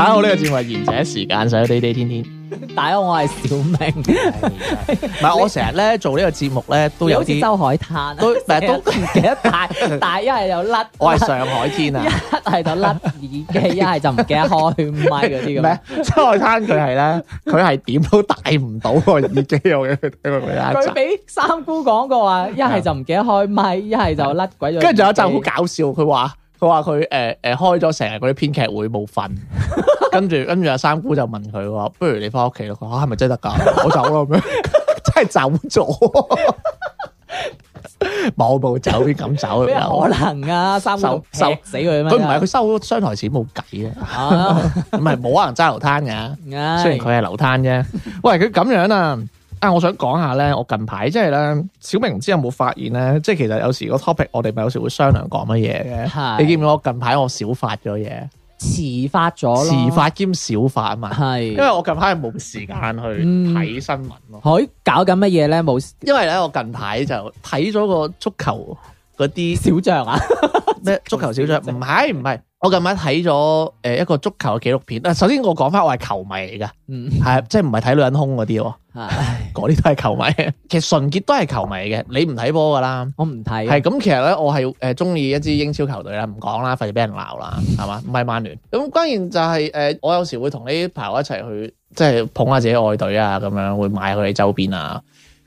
大家好，呢個節目，賢者時間，上啲啲天天。打我，我係小明。唔係我成日咧做呢個節目咧，都有啲周海攤。都，但係都唔記得帶帶，一係又甩。我係上海天啊，一係就甩耳機，一係就唔記得開麥嗰啲咁。咩？周海攤佢係咧，佢係點都帶唔到個耳機。我嘅佢俾三姑講過話，一係就唔記得開麥，一係就甩鬼咗。跟住，仲有一集好搞笑，佢話。佢話佢誒誒開咗成日嗰啲編劇會冇瞓，跟住跟住阿三姑就問佢話：不如你翻屋企咯？啊，係咪真係得噶？我走咯咁樣，真係走咗，冇 冇走邊敢走啊？咩可能啊？三姑收死佢，佢唔係佢收咗商台錢冇計啊！唔係冇可能揸流攤嘅，哎、雖然佢係流攤啫。喂，佢咁樣啊！啊！我想講下咧，我近排即係咧，小明唔知有冇發現咧，即係其實有時個 topic 我哋咪有時會商量講乜嘢嘅。是你見唔見我近排我少發咗嘢，遲發咗，遲發兼少發啊嘛。係是。因為我近排係冇時間去睇新聞咯。佢、嗯嗯、搞緊乜嘢咧？冇，因為咧我近排就睇咗個足球嗰啲小將象啊。 咩足球小將？唔係唔係， 我近排睇咗誒一個足球嘅紀錄片。首先我講翻，我係球迷嚟噶，係 即係唔係睇女人胸嗰啲喎，嗰啲 都係球迷。其實純潔都係球迷嘅，你唔睇波噶啦，我唔睇、啊。係咁，其實咧我係誒中意一支英超球隊啦，唔講啦，費事俾人鬧啦，係嘛？唔係曼聯。咁關鍵就係、是、誒、呃，我有時會同啲朋友一齊去，即係捧下自己愛隊啊，咁樣會買佢哋周邊啊。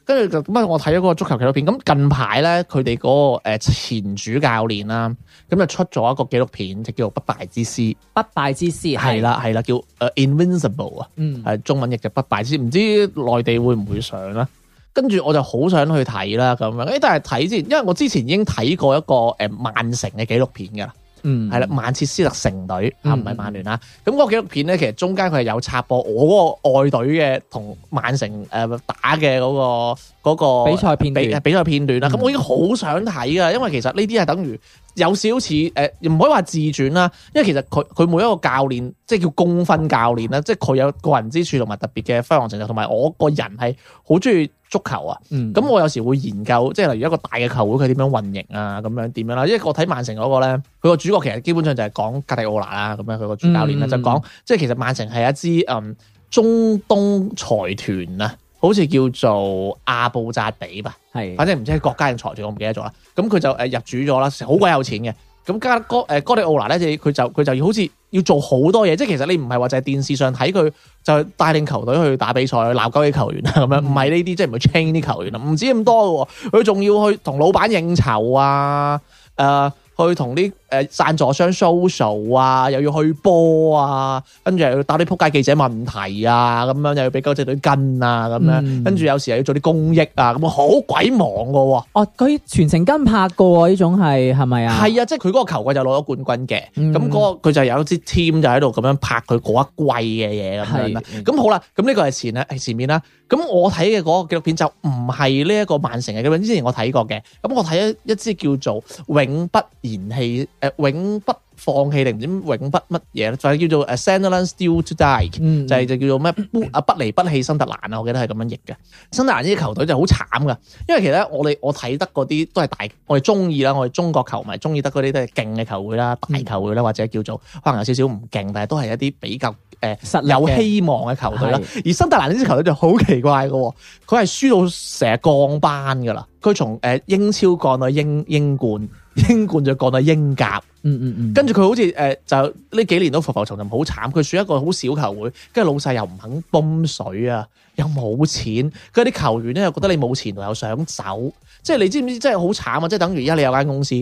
跟住就咁啊！我睇咗嗰個足球紀錄片。咁近排咧，佢哋嗰個前主教練啦，咁就出咗一個紀錄片，就叫做《不敗之師》。不敗之師係啦係啦，叫誒 Invincible 啊、嗯，係中文譯就不敗之師。唔知內地會唔會上啦？跟住、嗯、我就好想去睇啦，咁樣誒，但係睇先，因為我之前已經睇過一個誒曼城嘅紀錄片㗎啦。嗯，係啦，曼徹斯特城隊啊，唔係曼聯啦。咁嗰、嗯、個紀錄片咧，其實中間佢係有插播我嗰個外隊嘅同曼城誒打嘅嗰、嗰個、嗰個比賽片段，比賽片段啦。咁、嗯、我已經好想睇噶，因為其實呢啲係等於有少少似誒，唔、呃、可以話自傳啦。因為其實佢佢每一個教練，即係叫公分教練啦，即係佢有個人之處同埋特別嘅輝煌成就，同埋我個人係好中意。足球啊，咁我有時會研究，即係例如一個大嘅球會佢點樣運營啊，咁樣點樣啦。因為我睇曼城嗰個咧，佢個主角其實基本上就係講格迪奧拿啦，咁樣佢個主教練啦，嗯嗯，就講即係其實曼城係一支嗯中東財團啊，好似叫做阿布扎比吧，係，反正唔知係國家定財團，我唔記得咗啦。咁佢就誒入主咗啦，好鬼有錢嘅。咁加、嗯、哥，誒、呃，哥迪奧拿咧，佢就佢就好似要做好多嘢，即係其實你唔係話就係電視上睇佢就帶領球隊去打比賽、鬧鳩啲球員啊咁樣，唔係呢啲，即係唔係 change 啲球員啊，唔止咁多嘅喎、哦，佢仲要去同老闆應酬啊，誒、呃，去同啲。誒，贊助商 social 啊，又要去波啊，跟住又要答啲撲街記者問題啊，咁樣又要俾狗仔隊跟啊，咁樣，跟住有時又要做啲公益啊，咁好鬼忙嘅。嗯、哦，佢全程跟拍過啊，呢種係係咪啊？係啊，即係佢嗰個球季就攞咗冠軍嘅，咁嗰個佢就有一支 team 就喺度咁樣拍佢嗰一季嘅嘢咁樣啦。咁、嗯、好啦、咁、這、呢個係前啦，前面啦。咁我睇嘅嗰個紀錄片就唔係呢一個曼城嘅咁樣，之前我睇過嘅。咁我睇一一支叫做《永不言棄》。永不放棄定唔知永不乜嘢咧，就係叫做《A Sunderland Still to Die、嗯》，就係就叫做咩不啊不離不棄，新特蘭啊，我記得係咁樣譯嘅。新特蘭呢啲球隊就好慘噶，因為其實我哋我睇得嗰啲都係大，我哋中意啦，我哋中國球迷中意得嗰啲都係勁嘅球會啦，大球會啦，嗯、或者叫做可能有少少唔勁，但係都係一啲比較誒有希望嘅球隊啦。呃、而新特蘭呢支球隊就好奇怪嘅，佢、哦、係輸到成日降班噶啦，佢從誒英超降到英英，英冠。英冠就降到英甲，嗯嗯嗯，跟住佢好似誒、呃，就呢幾年都浮浮沉沉好慘，佢選一個好小球會，跟住老細又唔肯泵水啊，又冇錢，佢啲球員咧又覺得你冇前途又想走，即係你知唔知？真係好慘啊！即係等於而家你有間公司，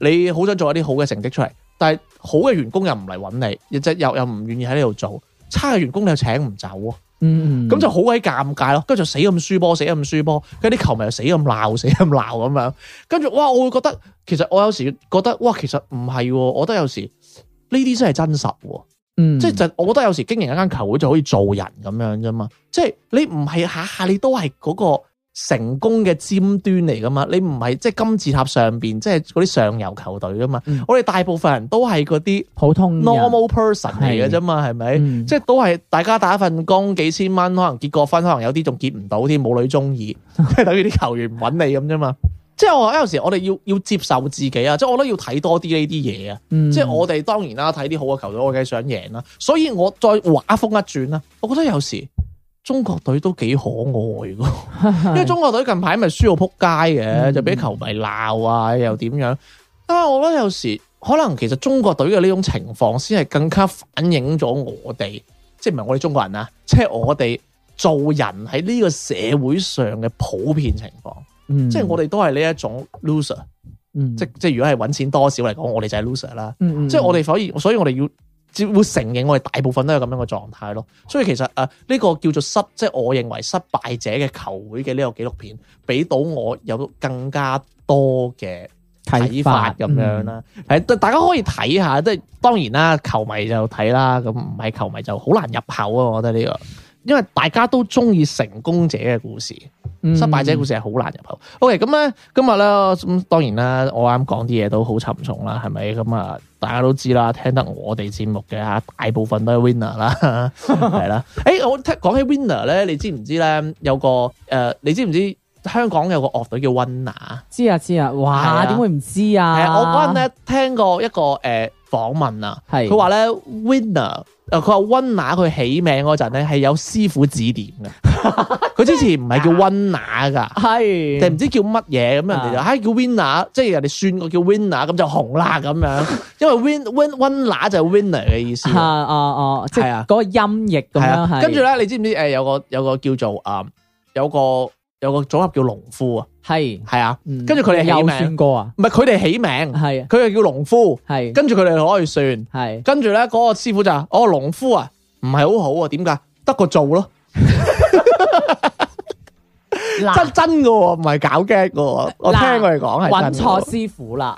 你好想做一啲好嘅成績出嚟，但係好嘅員工又唔嚟揾你，亦即又又唔願意喺呢度做，差嘅員工你又請唔走啊。嗯，咁就好鬼尷尬咯，跟住就死咁輸波，死咁輸波，跟住啲球迷又死咁鬧，死咁鬧咁樣，跟住哇，我會覺得其實我有時覺得哇，其實唔係，我覺得有時呢啲真係真實喎，即係、嗯、就我覺得有時經營一間球會就可以做人咁樣啫嘛，即係你唔係下下你都係嗰個成功嘅尖端嚟噶嘛？你唔係即係金字塔上邊，即係嗰啲上游球隊噶嘛？嗯、我哋大部分人都係嗰啲普通 normal person 嚟嘅啫嘛，係咪？即係都係大家打一份工幾千蚊，可能結過婚，可能有啲仲結唔到添，冇女中意，即係 等於啲球員唔揾你咁啫嘛。 即係我有時我哋要要接受自己啊，些些嗯、即係我都要睇多啲呢啲嘢啊。即係我哋當然啦，睇啲好嘅球隊，我梗係想贏啦。所以我再畫風一轉啦，我覺得有時。中國隊都幾可愛噶， 因為中國隊近排咪輸到撲街嘅，嗯、就俾球迷鬧啊，又點樣啊？我覺得有時可能其實中國隊嘅呢種情況，先係更加反映咗我哋，即係唔係我哋中國人啊，即係我哋做人喺呢個社會上嘅普遍情況，嗯、即係我哋都係呢一種 loser，嗯、即即係如果係揾錢多少嚟講，我哋就係 loser 啦，嗯嗯即係我哋所以所以我哋要。只會承認我哋大部分都有咁樣嘅狀態咯，所以其實誒呢個叫做失，即係我認為失敗者嘅球會嘅呢個紀錄片，俾到我有更加多嘅睇法咁樣啦。誒，嗯，大家可以睇下，即係當然啦，球迷就睇啦，咁唔係球迷就好難入口啊。我覺得呢個，因為大家都中意成功者嘅故事。失敗者故事係好難入口。OK，咁咧今日咧，當然啦，我啱講啲嘢都好沉重啦，係咪？咁啊，大家都知啦，聽得我哋節目嘅吓，大部分都係 winner 啦，係啦。 誒、欸，我聽講起 winner 咧、呃，你知唔知咧？有個誒，你知唔知香港有個樂隊、er、叫 Winner？知啊知啊，哇，點的會唔知啊？呃、我嗰陣咧聽過一個誒。呃訪問啊，佢話咧，winner，佢話 winner，佢起名嗰陣咧係有師傅指點嘅，佢之前唔係叫 winner 噶，係，定唔知叫乜嘢咁人哋就，唉，叫 winner，即係人哋算過叫 winner，咁就紅啦咁樣，因為 win win e r 就係 winner 嘅意思啊，哦哦，係啊，嗰、啊、個音譯咁樣、啊啊，跟住咧，你知唔知誒？有個有個叫做誒、呃，有個有個組合叫農夫啊。係係啊，跟住佢哋起名算過啊，唔係佢哋起名，係佢又叫農夫，係跟住佢哋可以算，係跟住咧嗰個師傅就話，哦農夫啊，唔係好好啊，點解得個做咯？真真嘅喎，唔係搞驚嘅，我聽佢哋講係真。搵錯師傅啦，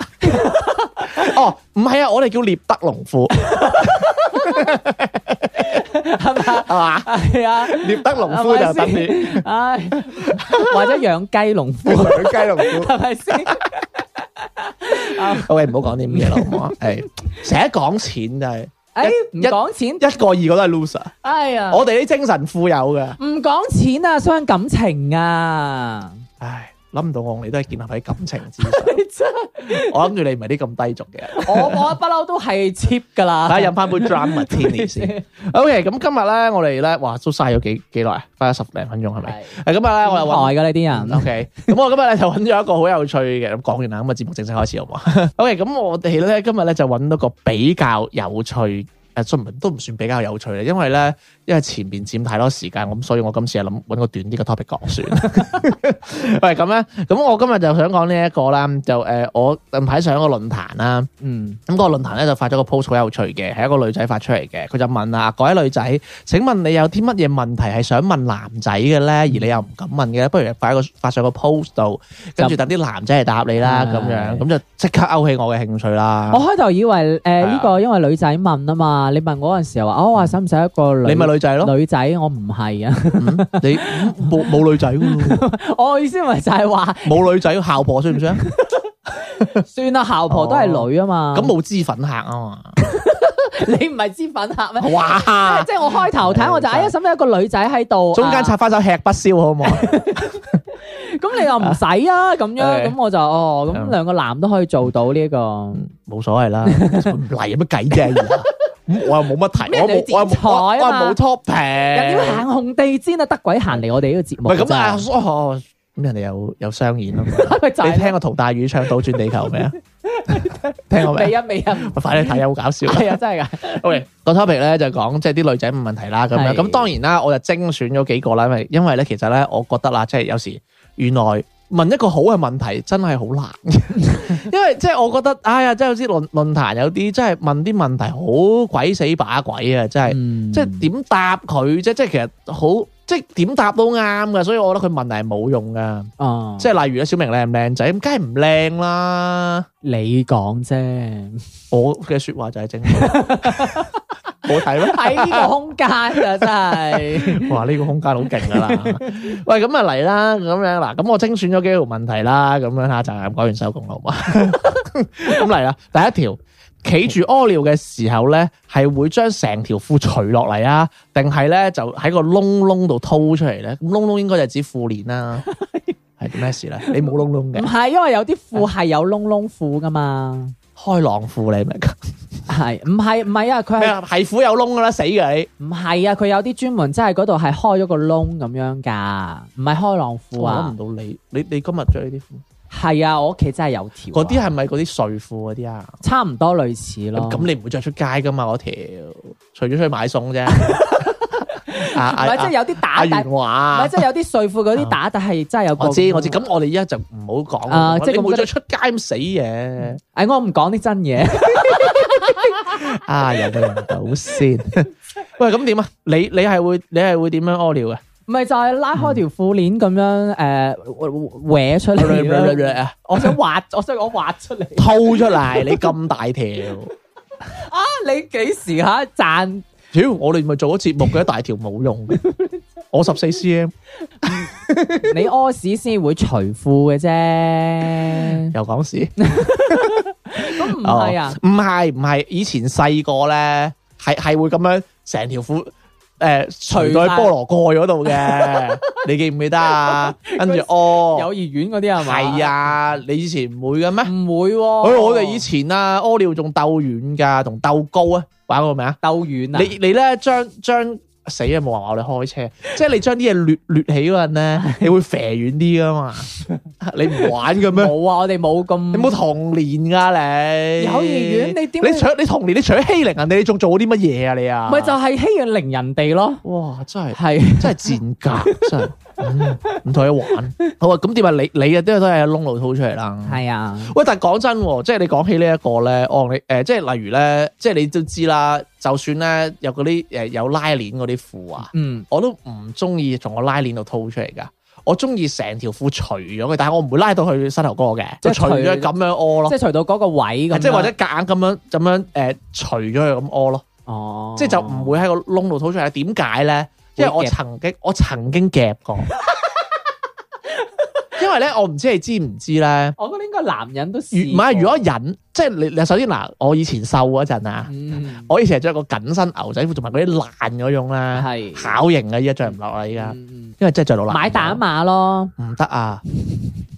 哦唔係啊，我哋叫獵德農夫。係咪？係嘛？係啊！獵德農夫就得意，或者養雞農夫，養雞農夫係咪先？好，我哋唔好講啲咁嘢啦，好唔好啊？係成日講錢就係，誒，唔講錢，一個二個都係 loser。哎呀，我哋啲精神富有嘅，唔講錢啊，傷感情啊，唉。諗唔到我同你都係建立喺感情之上， 的 我諗住你唔係啲咁低俗嘅， 我我不嬲都係 cheap 噶啦。大家飲翻杯 drum tea 先。 OK，咁今日咧，我哋咧，哇，都嘥咗幾幾耐啊，嘥咗十零分鐘係咪？係日啊！我又耐嘅呢啲人。OK，咁我今日咧就揾咗一個好有趣嘅。咁講完啦，咁啊節目正式開始好唔好 ？OK，咁我哋咧今日咧就揾到個比較有趣。誒，出都唔算比較有趣咧，因為咧，因為前面佔太多時間，咁所以我今次係諗揾個短啲嘅 topic 講算。喂， 咁咧，咁我今日就想講呢、這、一個啦，就誒、呃，我近排上一個論壇啦，嗯，咁、那、嗰個論壇咧就發咗個 post 好有趣嘅，係一個女仔發出嚟嘅，佢就問啊，各位女仔，請問你有啲乜嘢問題係想問男仔嘅咧，而你又唔敢問嘅，不如發一個發上一個 post 度，跟住等啲男仔嚟答你啦，咁就樣，咁的就即刻勾起我嘅興趣啦。我開頭以為誒呢、呃這個因為女仔問啊嘛。啊！你問嗰陣時又話，我使唔使一個女？你咪女仔咯？女仔我唔係啊，你冇冇女仔？我意思咪就係話冇女仔，姣婆算唔算啊？算啦，姣婆都係女啊嘛。咁冇脂粉客啊嘛？你唔係脂粉客咩？即係即係我開頭睇我就，哎呀，使唔使一個女仔喺度？中間插翻手吃不消好唔好？咁你又唔使啊？咁樣咁我就哦，咁兩個男都可以做到呢個，冇所謂啦，嚟，有乜計啫？我又冇乜題，我冇，我我冇 topic。又要行紅地氈啊，Spider、得鬼行嚟我哋呢個節目。咁啊，咁人哋有有商演咯。你聽過陶大宇唱倒轉地球未啊？聽過未？未啊未啊！ 快啲睇啊，好搞笑啊！ 真係噶。喂、 okay,，個 topic 咧就講即係啲女仔冇問題啦，咁樣咁當然啦，我就精選咗幾個啦，因為因為咧其實咧，我覺得啦，即係有時原來。問一個好嘅問題真係好難， 因為即係我覺得哎呀，即係好似論論壇有啲真係問啲問題好鬼死把鬼啊！真係、嗯、即係點答佢即係即係其實好即係點答都啱㗎，所以我覺得佢問題係冇用噶。即係、哦、例如咧，小明靚唔靚仔？咁梗係唔靚啦。你講啫，我嘅說話就係正。 好睇咯，喺呢個空間就 真係，哇呢、這個空間好勁噶啦！ 喂，咁啊嚟啦，咁樣嗱，咁我精選咗幾條問題啦，咁樣吓，就咁講完收工啦，好嘛？咁嚟啦，第一條，企住屙尿嘅時候咧，係會將成條褲除落嚟啊，定係咧就喺個窿窿度掏出嚟咧？咁窿窿應該就指褲鏈啦，係咩 事咧？你冇窿窿嘅？唔係， 因為有啲褲係有窿窿褲噶嘛。開浪褲你明唔明？係唔係唔係啊？佢係係褲有窿噶啦，死嘅你！唔係啊，佢有啲專門真係嗰度係開咗個窿咁樣噶，唔係開浪褲啊！攞唔到你，你你今日着呢啲褲係啊！我屋企真係有條，嗰啲係咪嗰啲睡褲嗰啲啊？差唔多類似咯。咁你唔會着出街噶嘛？嗰條除咗出去買餸啫。 唔係即係有啲打但係，唔係有啲說服嗰啲打，但係真係有。我知我知，咁我哋依家就唔好講，即係唔好再出街咁死嘢。哎，我唔講啲真嘢。啊，有冇人到先？喂，咁點啊？你你係會你係會點樣屙尿啊？唔係就係拉開條褲鏈咁樣誒搲出嚟咯。我想挖，我想我挖出嚟，吐出嚟。你咁大條啊？你幾時吓賺？屌，我哋咪做咗節目嘅一大條冇用嘅，我十四 CM，你屙屎先會除褲嘅啫， 又講屎時，咁唔係啊，唔係唔係，以前細個咧係係會咁樣成條褲。誒、呃，除咗菠蘿蓋嗰度嘅， 你記唔記得啊？跟住哦，幼兒園嗰啲係咪？係啊，你以前唔會嘅咩？唔會、喎哎，我哋以前啊，屙、啊、尿仲鬥軟噶，同鬥高啊，玩過未啊？鬥軟啊，你你咧將將。將將死啊！冇話話我哋開車，即係你將啲嘢掠掠起嗰陣咧，你會肥遠啲噶嘛？你唔玩嘅咩？冇啊！我哋冇咁，你冇童年噶你。幼兒園你點？你除你童年，你除咗欺凌人哋，你仲做咗啲乜嘢啊？你啊？咪就係欺凌人哋咯。哇！真係係真係賤格， 真係。唔同你玩，好啊！咁點解你你啊，都都係窿路吐出嚟啦。係啊。喂，但係講真，即係你講起呢、這、一個咧，我你誒、呃，即係例如咧，即係你都知啦。就算咧有嗰啲誒有拉鏈嗰啲褲啊，嗯，我都唔中意從個拉鏈度吐出嚟噶。我中意成條褲除咗佢，但係我唔會拉到去膝頭哥嘅，即係除咗咁樣屙咯。即係除到嗰個位咁，即係或者夾硬咁樣咁樣誒，除咗佢咁屙咯。哦，即係就唔會喺個窿度吐出嚟。點解咧？因為我曾經我曾經夾過，因為咧我唔知你知唔知咧？我覺得應該男人都試。唔係，如果緊即係你你首先嗱，我以前瘦嗰陣啊，嗯、我以前係着個緊身牛仔褲，同埋嗰啲爛嗰種啦，係巧是型嘅，依家着唔落啦，依家，嗯、因為真係着到爛。買大碼咯，唔得啊，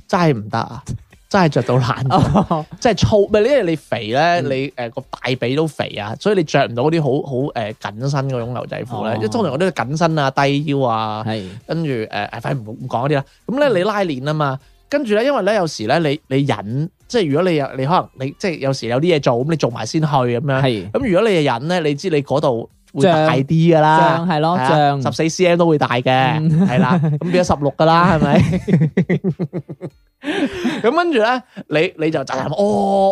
真係唔得啊。 真係着到爛，真係粗。唔係，因為你肥咧，你誒個大髀都肥啊，所以你着唔到啲好好誒緊身嗰種牛仔褲咧。即通常嗰啲緊身啊、低腰啊，係跟住誒，快唔講嗰啲啦。咁咧你拉鏈啊嘛，跟住咧，因為咧有時咧你你忍，即係如果你又你可能你即係有時有啲嘢做，咁你做埋先去咁樣。係咁如果你忍咧，你知你嗰度會大啲噶啦，係咯，漲十四 cm 都會大嘅，係啦，咁變咗十六噶啦，係咪？咁跟住咧，你你就就哦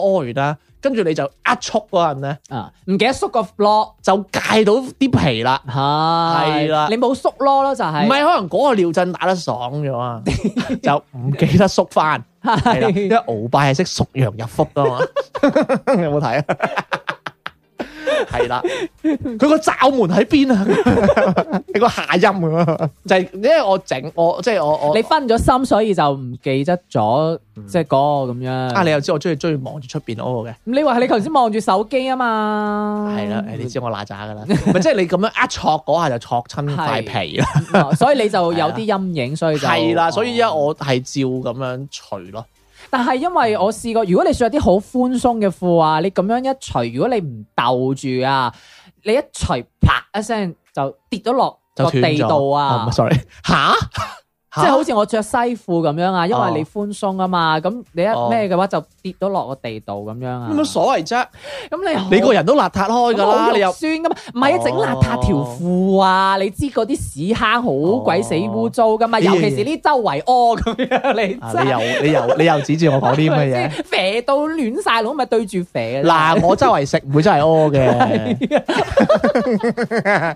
哦完啦，跟住你就一束嗰陣咧，啊唔記得縮個 floor 就戒到啲皮啦，係啦、啊，的你冇縮 lock 咯就係、是，唔係可能嗰個尿震打得爽咗啊， 就唔記得縮翻， 因為鰲拜係識縮陽入腹噶嘛， 有冇睇啊？ 係啦，佢個 罩門喺邊啊？你 個下音咁， 就係因為我整我即係、即係、我我你分咗心，所以就唔記得咗即係嗰咁樣啊！你又知我中意中意望住出邊個嘅，嗰個、你話係你頭先望住手機啊嘛？係啦，你知我嗱喳噶啦，咪即係你咁樣一戳嗰下就戳親塊皮啦， 所以你就有啲陰影，所以就係啦。所以依家我係照咁樣除咯。但係因為我試過，如果你着啲好寬鬆嘅褲啊，你咁樣一除，如果你唔兜住啊，你一除啪一聲就跌咗落個地度啊，um，sorry，吓？即係好似我着西褲咁樣啊，因為你寬鬆啊嘛，咁你一咩嘅話就跌到落個地度咁樣啊。冇乜所謂啫。咁你你個人都邋遢開噶啦，你又酸噶嘛？唔係啊，整邋遢條褲啊，你知嗰啲屎坑好鬼死污糟噶嘛？尤其是呢周圍屙咁樣，你又你又你又指住我講啲乜嘢？肥到亂晒路咪對住肥。嗱，我周圍食唔會真係屙嘅，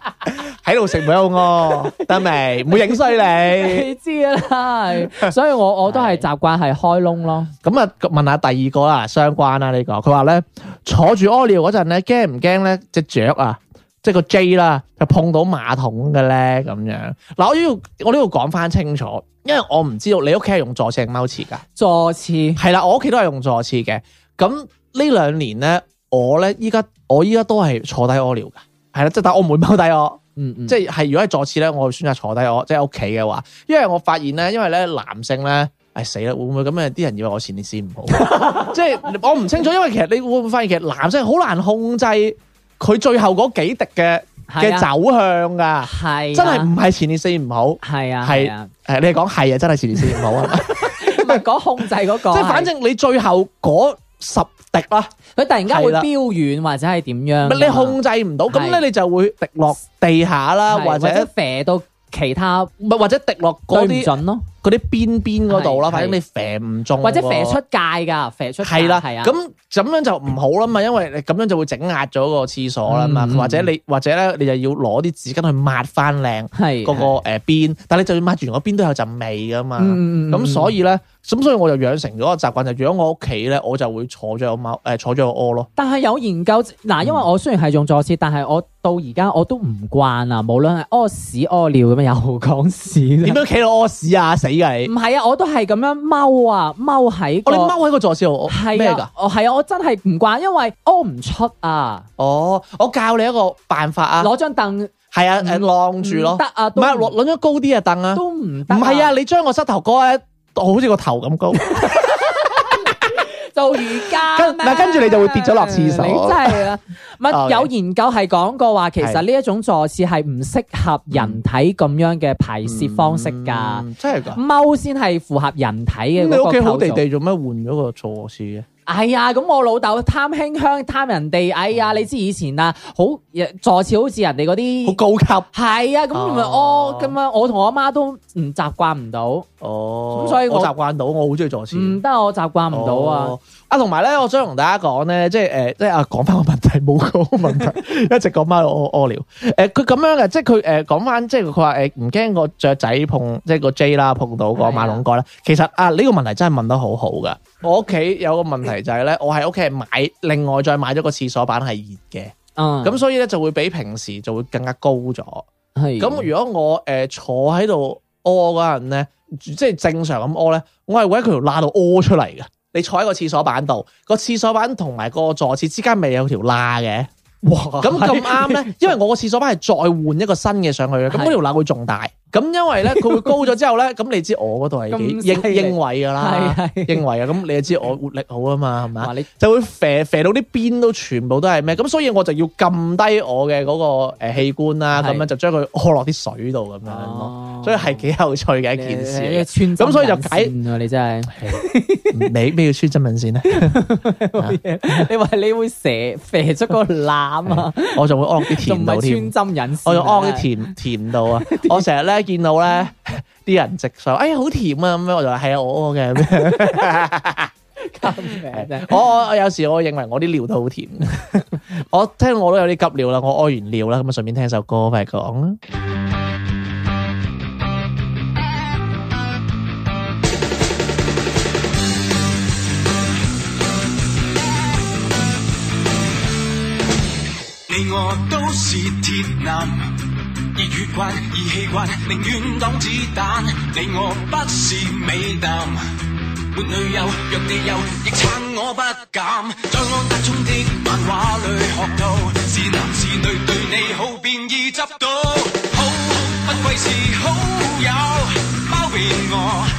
喺度食唔會屙得未？唔會影衰你。知 所以我我都係習慣係開窿咯。咁啊，問下第二個啦，相關啦、啊、呢、呢個。佢話咧坐住屙尿嗰陣咧驚唔驚咧隻雀啊，即係個 J 啦、啊，就碰到馬桶嘅咧咁樣。嗱，我呢度我呢度講翻清楚，因為我唔知道你屋企係用坐廁踎廁噶，坐廁係啦，我屋企都係用坐廁嘅。咁呢兩年咧，我咧依家我依家都係坐低屙尿噶，係啦，即係但我唔會踎低我。嗯，嗯，即係如果係坐廁咧，我會選擇坐低我即係屋企嘅話，因為我發現咧，因為咧男性咧，唉死啦，會唔會咁樣？啲人以為我前列腺唔好， 即係我唔清楚，因為其實你會唔會發現其實男性好難控制佢最後嗰幾滴嘅嘅走向噶，係、啊啊、真係唔係前列腺唔好，係啊，係誒你講係啊，真係前列腺唔好啊，唔係講控制嗰個說 是，即係反正你最後嗰。c ans h 十滴啦，佢突然間會飚遠的或者係點樣？你控制唔到，咁咧的你就會滴落地下啦，的或者或者射到其他，咪或者滴落嗰啲唔準咯。嗰啲邊邊嗰度啦，反正你肥唔中，或者肥出界噶，肥出係啦，係啊的，咁咁的樣就唔好啦嘛，因為你咁樣就會整壓咗個廁所啦嘛、嗯，或者你或者咧，是是你就要攞啲紙巾去抹翻靚，係嗰個誒邊，但係你就要抹住嗰邊都有陣味噶嘛，咁、嗯、所以咧，咁所以我就養成咗個習慣，習慣就養我屋企咧，我就會坐咗個貓誒坐住個屙咯。但係有研究嗱，因為我雖然係用坐廁，嗯、但係我到而家我都唔慣啊，無論係屙屎屙尿咁樣又講屎，點樣企到屙屎啊？唔係啊，我都係咁樣踎啊，踎喺我你踎喺個坐廁，係咩噶？哦、啊，係啊，我真係唔慣，因為屙唔出啊。哦，我教你一個辦法啊，攞張凳，係啊，晾住不咯，得啊，唔係攞攞張高啲嘅凳啊，都唔得。唔係啊，啊，啊，你將個膝頭哥啊，好似個頭咁高。 做瑜伽，嗱 跟住你就會跌咗落廁所。你真係啊，唔 有研究係講過話，其實呢一種坐廁係唔適合人體咁樣嘅排泄方式噶，嗯嗯。真係噶，踎先係符合人體嘅。你屋企好地地做咩換咗個坐廁嘅？係啊，咁、哎、我老豆貪輕香貪人哋，哎呀，你知以前啊，好坐廁好似人哋嗰啲好高級。係啊，咁咪哦，咁樣，我同我阿媽都唔習慣唔到。哦，咁、哦嗯、所以我，我習慣到，我好中意坐廁。唔得、嗯，我習慣唔到啊。哦啊，同埋咧，我想同大家講咧，即係誒，即係啊，講翻個問題冇個問題，問題 一直講翻我屙尿。誒，佢、呃、咁樣嘅，即係佢誒講翻，即係佢話誒唔驚個雀仔碰，即係個 J 啦碰到個馬桶蓋啦。的其實啊，呢、這個問題真係問得好好噶。我屋企有個問題就係咧，我喺屋企買另外再買咗個廁所板係熱嘅，啊、嗯，咁所以咧就會比平時就會更加高咗。係咁的，如果我誒、呃、坐喺度屙嗰陣咧，即係正常咁屙咧，我係會喺佢條罅度屙出嚟嘅。你坐喺個廁所板度，個廁所板同埋個坐廁之間咪有條罅嘅？哇！咁咁啱咧，因為我個廁所板係再換一個新嘅上去咧，咁嗰條欄會仲大。咁因為咧，佢會高咗之後咧，咁你知我嗰度係幾英英偉噶啦，英偉啊，咁你又知我活力好啊嘛，係咪？就會射射到啲邊都全部都係咩？咁所以我就要撳低我嘅嗰個誒器官啦，咁樣就將佢屙落啲水度咁樣咯。所以係幾有趣嘅一件事。咁所以就解你真係咩咩要穿針引線咧？你話你會射射出個欄？啊！我仲會屙啲甜度添，我仲屙啲甜甜度啊！我成日咧見到咧啲人直上，哎呀好甜啊！咁樣我就話係啊，我屙嘅咁樣。我我我有時我認為我啲尿都好甜。 我聽到我都有啲急尿啦，我屙完尿啦，咁啊順便聽首歌快講啦。你我都是鐵男，熱血慣，義氣慣，寧願擋子彈。你我不是美男，沒女友，若你有，亦撐我不敢。在安達充的漫畫裏學到，是男是女對你好便易執到。好，不愧是好友，包庇我。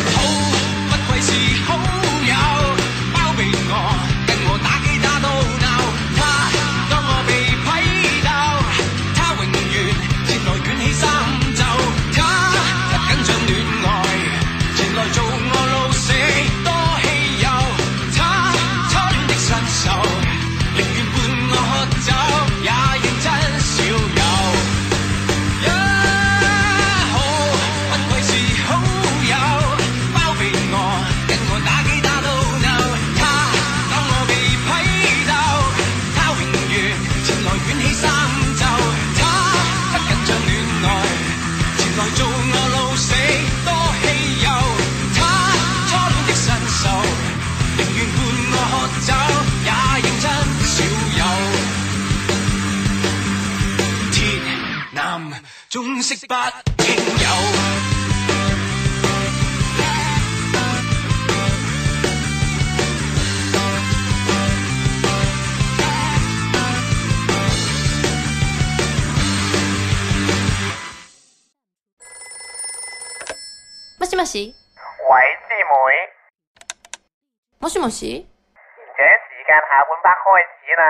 賢者時間下半 part 開始啦。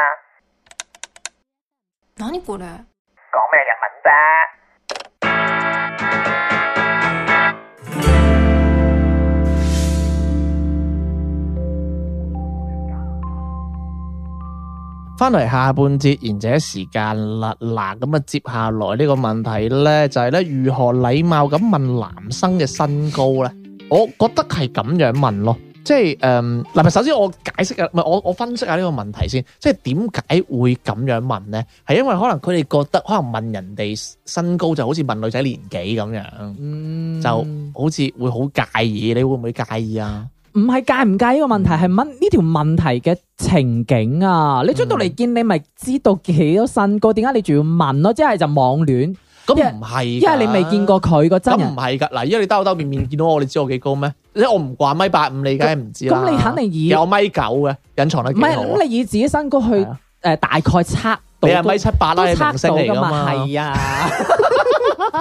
咩嚟？講咩日文啫？翻嚟下半節賢者時間啦，嗱咁啊，接下來呢個問題咧，就係咧，如何禮貌咁問男生嘅身高咧？我覺得係咁樣問咯。即係誒，嗱，首先我解釋下，唔係我我分析下呢個問題先。即係點解會咁樣問咧？係因為可能佢哋覺得，可能問人哋身高就好似問女仔年紀咁樣，就好似會好介意。你會唔會介意啊？唔係介唔介意呢個問題，係問呢條問題嘅情景啊！你出到嚟見你咪知道幾多身高，點解你仲要問咯？即係就網戀咁唔係，因為你未見過佢個真人，唔係噶。嗱，因為你兜兜面面見到我，你知我幾高咩？我慣 8, 5, 你我唔掛米八五，你梗係唔知啦。咁你肯定以有米九嘅隱藏得唔係？咁你以自己身高去誒、啊呃、大概測？你係米七八啦，都測到噶嘛？係是啊，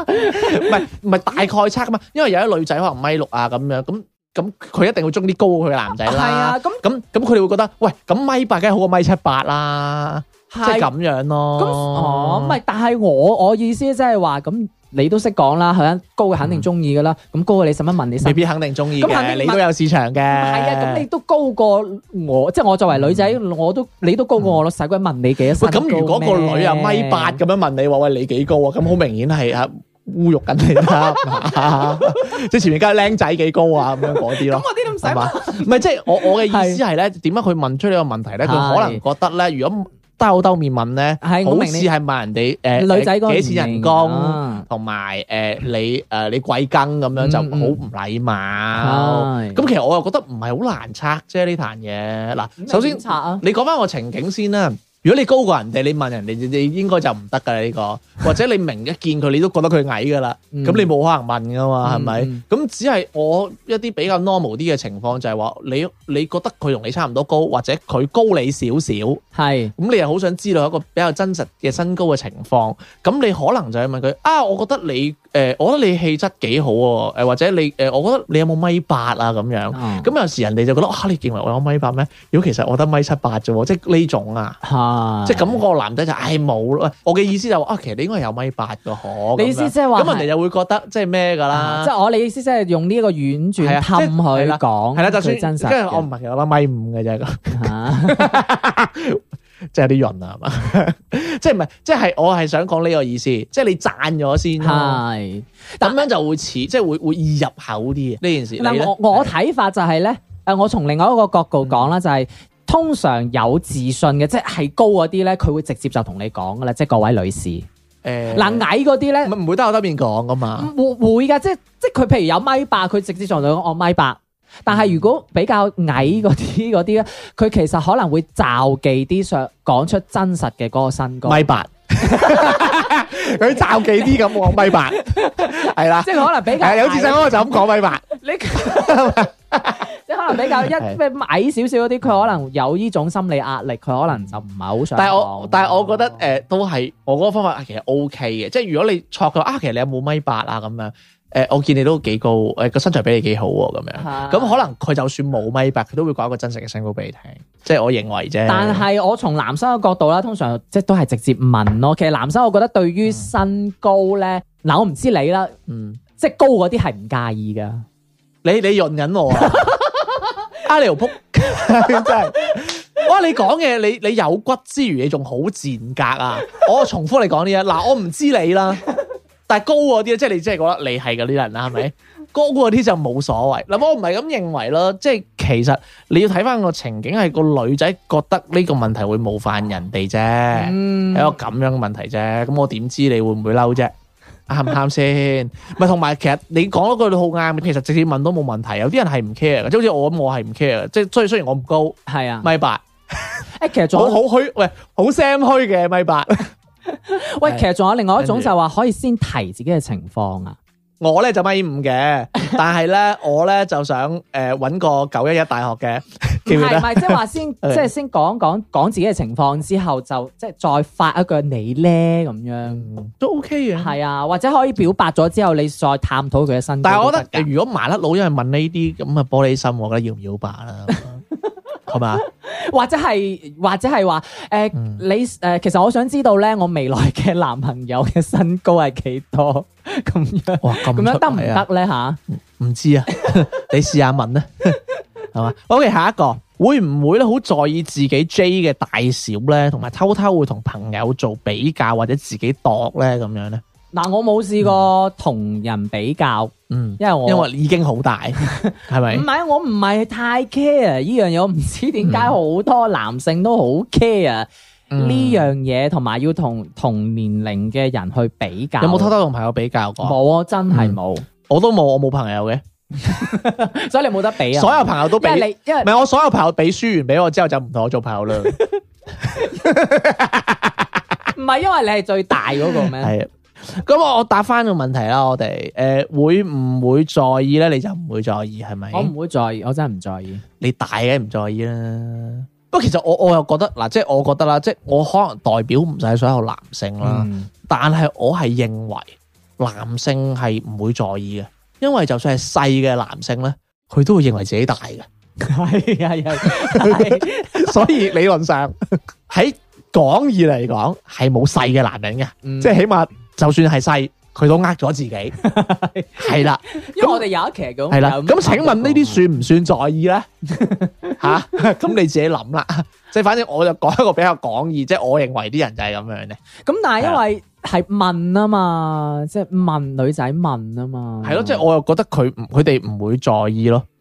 唔係唔係大概測噶嘛？因為有啲女仔可能米六啊咁樣，咁咁佢一定會中啲高佢嘅男仔啦。係啊，咁咁咁佢哋會覺得喂，咁米八梗係好過米七八啦，即係咁樣咯。哦，唔係，但係我我意思即係話咁。你都識講啦，吓高嘅肯定中意噶啦，咁高嘅你使乜問你？未必肯定中意嘅。咁下邊你都有市場嘅。係啊，咁你都高過我，即係我作為女仔，我都你都高過我咯。使鬼問你幾多？咁如果個女啊米八咁樣問你話喂，你幾高啊？咁好明顯係啊侮辱緊你啦！即係前面加靚仔幾高啊？咁樣嗰啲咯。咁嗰啲都唔使問。唔係即係我我嘅意思係咧，點樣去問出呢個問題咧？佢可能覺得咧，如果。兜兜面問咧，好似係問人哋女仔幾錢人工，同埋誒你誒你貴庚咁樣就好唔禮貌。咁其實我又覺得唔係好難拆啫呢壇嘢。嗱，首先你講翻個情景先啦。如果你高過人哋，你問人哋，你你應該就唔得噶啦呢個，或者你明一見佢，你都覺得佢矮噶啦，咁 你冇可能問噶嘛，係咪？咁 只係我一啲比較 normal 啲嘅情況，就係話你你覺得佢同你差唔多高，或者佢高你少少，係是，咁你又好想知道一個比較真實嘅身高嘅情況，咁你可能就係問佢，啊，我覺得你，誒、呃，我覺得你氣質幾好，誒、呃，或者你，誒、呃，我覺得你有冇米八啊咁樣，咁、嗯、有時人哋就覺得，啊，你認為我有米八咩？如果其實我得米七八啫，即係呢種啊。 即係咁個男仔就唉冇咯，我嘅意思就話啊，其實你應該有米八噶可，你意思即係話，咁人哋就會覺得即係咩噶啦？即係我你意思即係用呢一個婉轉氹佢啦講，係啦就算，跟住我唔係其實我得米五嘅啫，即係有啲潤啊，係嘛？即係唔係？即係我係想講呢個意思，即係你讚咗先，係咁樣就會似，即係會會易入口啲嘅呢件事。嗱，我我睇法就係咧，誒，我從另外一個角度講啦，就係。通常有自信嘅，即係高嗰啲咧，佢會直接就同你講噶啦，即係各位女士。誒，嗱矮嗰啲咧，唔會得我兜面講噶嘛。會會噶，即係即係佢，譬如有米八，佢直接就同你講我米八。但係如果比較矮嗰啲嗰啲咧，佢其實可能會罩忌啲想講出真實嘅嗰個身高。米八，佢罩忌啲咁我米八，係啦，即係可能比較有自信我就咁講米八。你。你可能比較一咩矮少少啲，佢可能有呢種心理壓力，佢可能就唔係好想但。但係我但係我覺得誒、呃、都係我嗰個方法、啊、其實 O K 嘅，即係如果你錯佢啊，其實你有冇米八啊咁樣誒？我見你都幾高誒，個、啊、身材比你幾好喎咁樣。咁的可能佢就算冇米八，佢都會講一個真實嘅身高俾你聽。即係我認為啫。但係我從男生嘅角度啦，通常即係都係直接問咯。其實男生我覺得對於身高咧，嗱我唔知你啦，嗯，嗯即係高嗰啲係唔介意噶。你你用緊我啊？ 阿牛扑， 真係哇！你講嘅你你有骨之餘，你仲好賤格啊！我重複你講呢啲，嗱，我唔知你啦，但係高嗰啲，即係你真係覺得你係嗰啲人啦，係咪？高嗰啲就冇所謂。嗱，我唔係咁認為咯，即係其實你要睇翻個情景，係個女仔覺得呢個問題會冒犯人哋啫，嗯、係一個咁樣嘅問題啫，咁我點知你會唔會嬲啫？啱唔啱先？咪，同埋，其實你講嗰句都好啱嘅。其實直接問都冇問題，有啲人係唔 care 嘅，即係好似我咁，我係唔 care。即係，所以雖然我唔高，係啊米八， 米八。誒，其實仲好虛，喂，好 sam 虛嘅米八。喂，其實仲有另外一種、啊、就係話，可以先提自己嘅情況啊。我咧就米五嘅，但係咧我咧就想誒搵、呃、個九一一大學嘅。 係咪即係話先，即係 先講講講自己嘅情況之後，就即係再發一句你咧咁樣、嗯、都 OK 嘅。係啊，或者可以表白咗之後，你再探討佢嘅身高。但係我覺得，如果麻甩佬因為問呢啲咁嘅玻璃心，我覺得要唔要擺白啦？係嘛？ 或者係或者係話誒，呃嗯、你誒、呃，其實我想知道咧，我未來嘅男朋友嘅身高係幾多？咁樣哇，咁樣得唔得咧？吓唔知啊， 知你試下問咧。 係嘛？OK，下一個會唔會咧好在意自己 J 嘅大小咧？同埋偷偷會同朋友做比較或者自己度咧咁樣咧？嗱，我冇試過同人比較，嗯，因為我因為我已經好大，係咪？ 唔係，我唔係太 care 呢樣嘢，嗯、我唔知點解好多男性都好 care 呢、嗯、樣嘢，同埋要同同年齡嘅人去比較。有冇偷偷同朋友比較過？冇，啊，真係冇，我都冇、嗯，我冇朋友嘅。 所以你冇得俾啊！所有朋友都俾你，因為唔係我所有朋友俾輸完俾我之後就唔同我做朋友啦。唔係因為你係最大嗰個咩？係啊，咁我答翻個問題啦，我哋誒、呃、會唔會在意咧？你就唔會在意係咪？我唔會在意，我真係唔在意。你大嘅唔在意啦。不過、嗯、其實我我又覺得嗱，即係我覺得啦，即係我可能代表唔晒所有男性啦，嗯、但係我係認為男性係唔會在意嘅。因為就算係細嘅男性咧，佢都會認為自己大嘅。係係係，所以理論上喺廣義嚟講係冇細嘅男人嘅，即係起碼就算係細，佢都呃咗自己，係啦。因為我哋有一期咁係啦，咁請問呢啲算唔算在意咧？吓，咁你自己諗啦。即係反正我就講一個比較廣義，即係我認為啲人就係咁樣嘅。咁但係因為係問啊嘛，即係問女仔問啊嘛，係咯，即係我又覺得佢佢哋唔會在意咯，唔、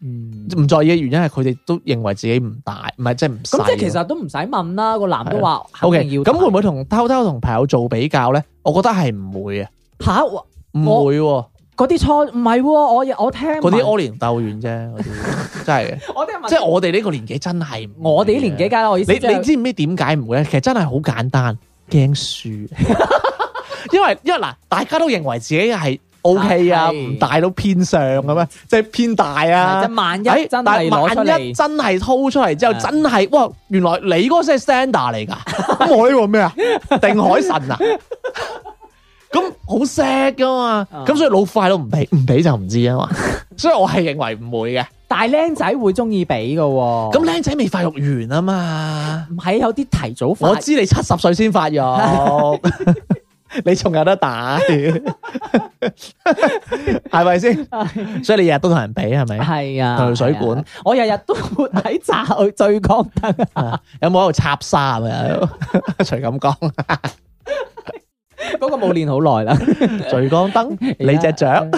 嗯、在意嘅原因係佢哋都認為自己唔大，唔係即係咁，即係其實都唔使問啦，個男都話肯定要。咁、okay，會唔會同偷偷同朋友做比較咧？我覺得係唔會啊，吓唔會嗰啲錯唔係，我我，我，我聽嗰啲阿年斗完啫，真係嘅，即係 我哋呢個年紀真係我哋呢年紀間啦，我意思、就是、你，你知唔知點解唔會咧？其實真係好簡單，驚輸。 因為一嗱，大家都認為自己係 O K 啊，唔、啊、大都偏上咁咩，即、就、係、是、偏大啊。即萬一，但、就、係、是、萬一真係掏出嚟、欸、之後真，真係對 哇，原來你嗰隻係 standard 嚟噶，咁可以話咩啊？定海神啊？咁好錫噶嘛？咁、啊、所以老快都唔俾唔俾就唔知啊嘛。 所以我係認為唔會嘅，但係僆仔會中意俾噶，咁僆仔未發育完啊嘛，唔係有啲提早發育。我知你七十歲先發育。 你仲有得打，係咪先？啊、所以你日日都同人比，係咪？係啊，水管。啊、我日日都活體炸去聚光燈、啊 啊，有冇喺度插沙啊？徐錦江，不過冇練好耐啦。聚光燈，你隻腳。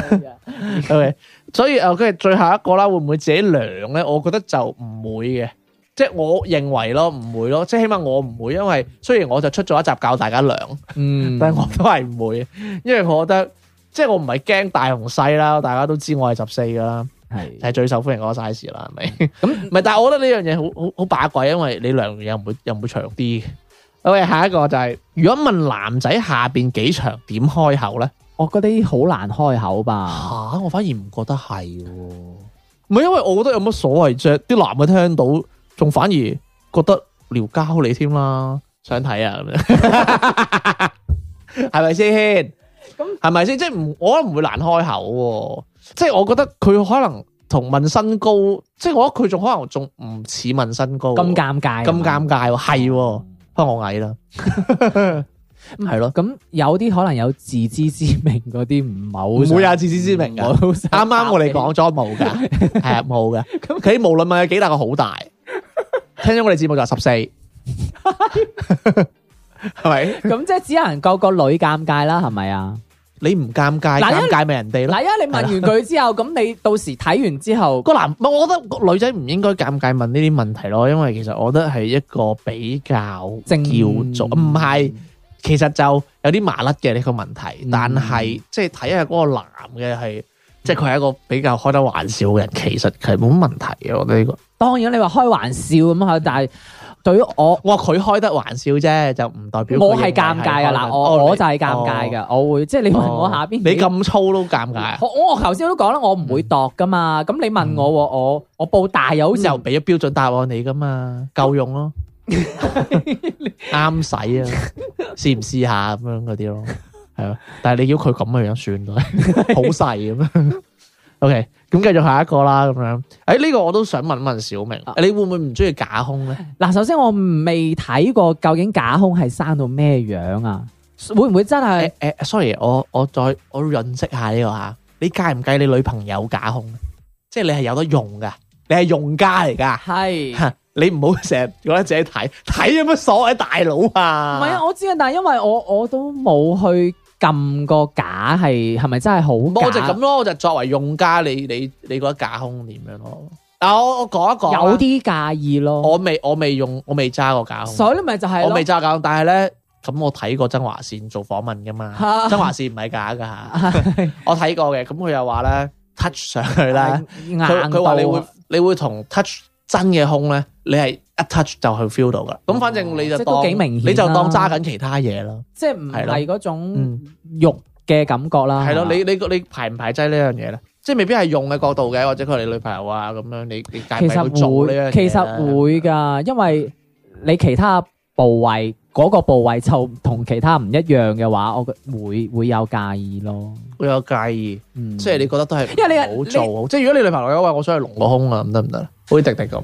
OK，所以誒，佢、啊、係最後一個啦。會唔會自己量咧？我覺得就唔會嘅。即係我認為咯，唔會咯。即係起碼我唔會，因為雖然我就出咗一集教大家量，嗯、但係我都係唔會，因為我覺得即係我唔係驚大雄細啦。大家都知我係十四噶啦，係係是最受歡迎嗰個 size 啦，係咪咁？唔係、嗯， 但係我覺得呢樣嘢好好好把鬼，因為你量又唔會又唔會長啲。OK，下一個就係、是、如果問男仔下邊幾長點開口咧，我覺得好難開口吧吓、啊？我反而唔覺得係唔係？因為我覺得有乜所謂啫？啲男嘅聽到。仲反而覺得撩交你添啦，想睇啊，係咪先？咁係咪先？即係唔，我唔會難開口。即係我覺得佢可能同問身高，即係我覺得佢仲可能仲唔似問身高咁尷尬，咁尷尬喎，係，可能我矮啦，咁係咯。咁有啲可能有自知之明嗰啲唔好，唔會有自知之明啊，啱啱我哋講咗冇噶，係啊冇噶，佢無論問有幾大個好大。聽咗我哋節目就十四，係咪？咁即係只能夠個女尷尬啦，係咪啊？你唔尷尬，嗱，尷尬咪人哋咯。係啊，你問完佢之後，咁你到時睇完之後，個男，唔，我覺得女仔唔應該尷尬問呢啲問題咯，因為其實我覺得係一個比較叫做唔係，其實就有啲麻甩嘅呢個問題，但係即係睇下嗰個男嘅係，即係佢係一個比較開得玩笑嘅人，其實係冇乜問題嘅，我覺得呢個。當然你話開玩笑咁啊，但係對於我，我話佢開得玩笑啫，就唔代表我係尷尬啊！嗱，我我就係尷尬㗎，我會即係你問我下邊，你咁粗都尷尬？我我頭先都講啦，我唔會度噶嘛。咁你問我，我我報大有時候俾咗標準答案你噶嘛，夠用咯，啱使啊！試唔試下咁樣嗰啲咯，係呀。但係你要佢咁嘅樣算啦，好細咁樣。OK。咁繼續下一個啦，咁樣。誒呢個我都想問問小明，你會唔會唔中意假胸咧？嗱，首先我未睇過，究竟假胸係生到咩樣啊？會唔會真係？誒，sorry，我我再我潤色下呢個嚇。你介唔介你女朋友假胸？即係你係有得用㗎，你係用家嚟㗎。係，你唔好成日覺得自己睇睇有乜所謂大佬啊？唔係啊，我知啊，但係因為我我都冇去。撳個假係係咪真係好假？我就咁咯，我就作為用家，你你你覺得假胸點樣咯？但我我講一講，有啲介意咯我。我未我未用我未揸過假胸，所以咪就係我未揸假胸但係咧，咁我睇過曾華善做訪問噶嘛， 曾華善唔係假噶吓， 我睇過嘅。咁佢又話咧，touch 上去咧，佢佢話你會你會同 touch 真嘅胸咧，你係。你 touch 就去 feel 到噶，咁反正你就即係都幾明顯，你就當揸緊其他嘢啦，即係唔係嗰種肉嘅感覺啦。係咯，你你你排唔排擠呢樣嘢咧？即係未必係用嘅角度嘅，或者佢係你女朋友啊咁樣，你你介唔介意去做呢樣嘢？其實會噶，因為你其他部位嗰個部位就同其他唔一樣嘅話，我會會有介意咯。會有介意，即係你覺得都係唔好做。即係如果你女朋友講話，我想去隆個胸啊，咁得唔得？會滴滴咁，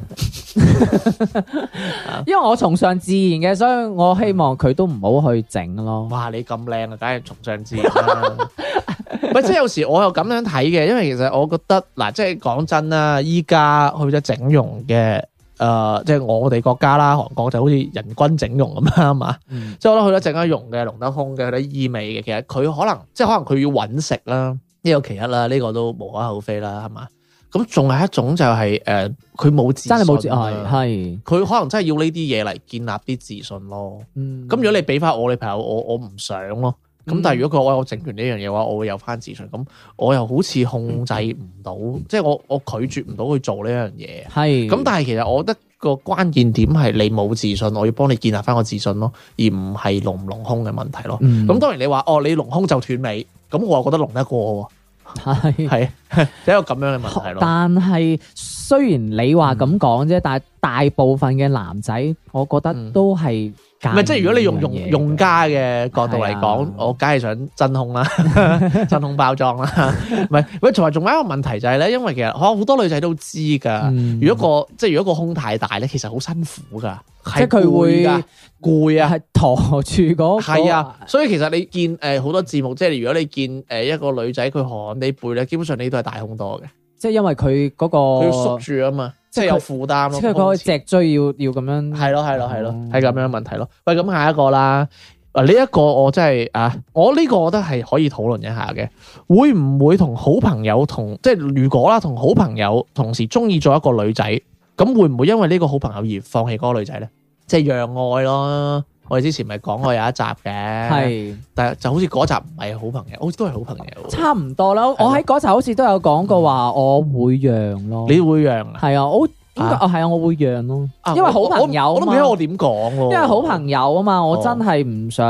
因為我崇尚自然嘅，所以我希望佢都唔好去整咯。哇，你咁靚啊，梗係崇尚自然啦、啊。唔 即係有時我又咁樣睇嘅，因為其實我覺得嗱、啊，即係講真啦，依家去咗整容嘅，誒、呃，即係我哋國家啦，韓國就好似人均整容咁啦，係嘛、嗯。即係我覺得去咗整咗容嘅、隆咗胸嘅、嗰啲意味嘅，其實佢可能即係可能佢要搵食啦，呢個其一啦，呢、這個都無可厚非啦，係嘛。咁仲係一種就係、是、誒，佢、呃、冇自信，真係冇自信，係佢可能真係要呢啲嘢嚟建立啲自信咯。咁、嗯、如果你俾翻我，你朋友我我唔想咯。咁但係如果佢話、哎、我整完呢樣嘢嘅話，我會有翻自信。咁我又好似控制唔到，嗯、即係我我拒絕唔到佢做呢樣嘢。係咁是，但係其實我覺得個關鍵點係你冇自信，我要幫你建立翻個自信咯，而唔係隆唔隆胸嘅問題咯。咁、嗯、當然你話哦，你隆胸就斷尾，咁我覺得隆得過係係 一個咁樣嘅問題 但係雖然你話咁講啫，嗯、但係大部分嘅男仔，我覺得都係。嗯唔係，即係如果你用用用家嘅角度嚟講，的我梗係想真空啦， 真空包裝啦。唔係，喂，同埋仲有一個問題就係咧，因為其實吓好多女仔都知噶，嗯、如果個即係如果個胸太大咧，其實好辛苦噶，即係佢會攰啊，陀住嗰個係啊，所以其實你見誒好多節目，即係如果你見誒一個女仔佢寒你背咧，基本上你都係大胸多嘅，即係因為佢嗰、佢要縮住啊嘛。即係有負擔咯，即係佢脊椎要要咁樣，係咯係咯係咯，係咁樣問題咯。喂，咁下一個啦，啊呢一個我真係啊，我呢個我覺得係可以討論一下嘅，會唔會同好朋友同即係如果啦，同好朋友同時中意咗一個女仔，咁會唔會因為呢個好朋友而放棄嗰個女仔咧？即係讓愛咯。我哋之前咪講過有一集嘅，但係就好似嗰集唔係好朋友，好似都係好朋友。差唔多咯，我喺嗰集好似都有講過話我會讓咯，你會讓係啊，好應該哦係啊，我會讓咯，因為好朋友我都唔記得我點講咯，因為好朋友啊嘛，我真係唔想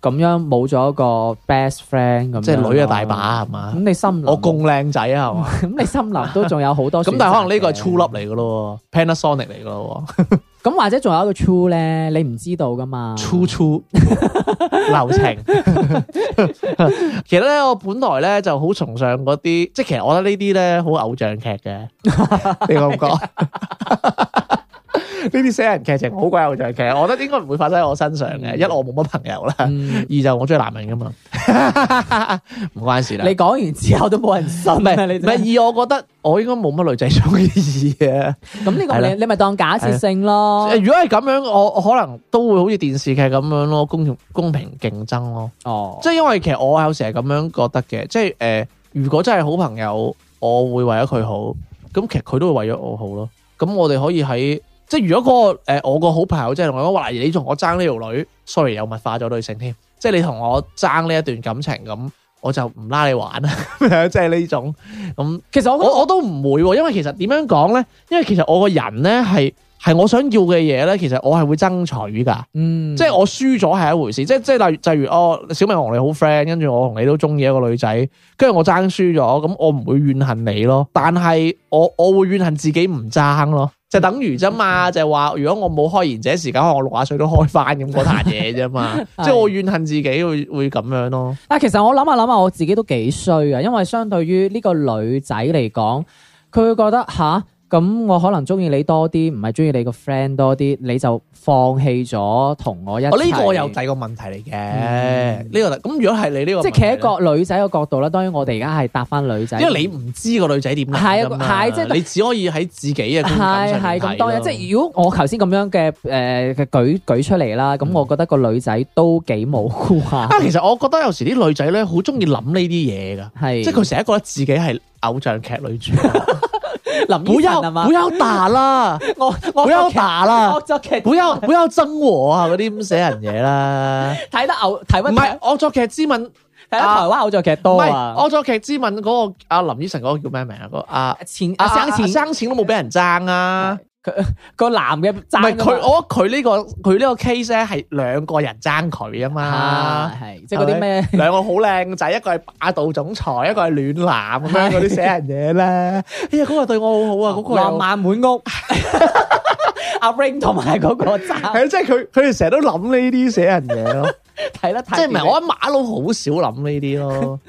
咁樣冇咗個 best friend 咁，即係女啊大把係嘛，咁你森林我咁靚仔啊嘛，咁你森林都仲有好多，咁但係可能呢個係粗粒嚟噶咯，Panasonic 嚟噶咯。咁或者仲有一個「true」咧，你唔知道㗎嘛？true true True, true. 流程， 其實咧，我本來咧就好崇尚嗰啲，即係其實我覺得呢啲咧好偶像劇嘅， 你有有覺唔覺？ 呢啲死人劇情好鬼、哦、有趣嘅，哦、我覺得應該唔會發生喺我身上嘅。嗯、一我冇乜朋友啦，嗯、二就我中意男人噶嘛，唔 關事啦。你講完之後都冇人信啊 不你。唔係二，我覺得我應該冇乜女仔中意嘅。咁呢個 了你你咪當假設性咯。如果係咁樣，我我可能都會好似電視劇咁樣咯，公平公平競爭咯。哦，即係因為其實我有時係咁樣覺得嘅，即係誒，如果真係好朋友，我會為咗佢好，咁其實佢都會為咗我好咯。咁我哋可以喺。即係如果嗰、那個誒、呃、我個好朋友即係同我講話，你同我爭呢條女，sorry 又物化咗女性添。即係你同我爭呢一段感情咁，我就唔拉你玩啦， 即係呢種咁。其實我我，我都唔會，因為其實點樣講咧？因為其實我個人咧係係我想要嘅嘢咧，其實我係會爭取噶。嗯，即係我輸咗係一回事。即係即係例如例如哦，小明同你好 friend，跟住我同你都中意一個女仔，跟住我爭輸咗，咁我唔會怨恨你咯。但係我我會怨恨自己唔爭咯。 就等於啫嘛，就係話，如果我冇開賢者時間，我六啊歲都開翻咁嗰壇嘢啫嘛，即 我怨恨自己會會咁樣咯。但、啊、其實我諗下諗下，我自己都幾衰嘅，因為相對於呢個女仔嚟講，佢會覺得吓。咁我可能中意你多啲，唔係中意你個 friend 多啲，你就放棄咗同我一。我呢、哦這個有第二個問題嚟嘅，呢、嗯這個咁如果係你個呢個，即係企喺個女仔嘅角度啦，當然我哋而家係答翻女仔。因為你唔知個女仔點諗。係係即係。你只可以喺自己嘅的。係係咁當然，即係如果我頭先咁樣嘅誒嘅舉舉出嚟啦，咁我覺得個女仔都幾冇。辜啊、嗯，其實我覺得有時啲女仔咧好中意諗呢啲嘢噶，即係佢成日覺得自己係偶像劇女主。 林，唔好唔好打啦，我我唔好打啦，惡作劇，唔好唔好憎我啊，嗰啲咁死人嘢啦。睇得牛睇乜？唔係惡作劇之吻，睇得台灣惡作劇多啊。唔係。惡作劇之吻嗰個阿林依晨嗰個叫咩名啊？個阿錢生錢生錢都冇俾人爭啊。佢、啊就是、個男嘅爭佢，我佢呢個佢呢個 case 咧，係兩個人爭佢啊嘛，係即係嗰啲咩兩個好靚仔，一個係霸道總裁，一個係暖男咁樣嗰啲寫人嘢啦。哎呀，嗰、那個對我好好啊，嗰、那個萬萬滿屋 阿 Ring 同埋嗰個爭，係 啊，即係佢佢哋成日都諗呢啲寫人嘢咯，睇得即係唔係我阿馬佬好少諗呢啲咯，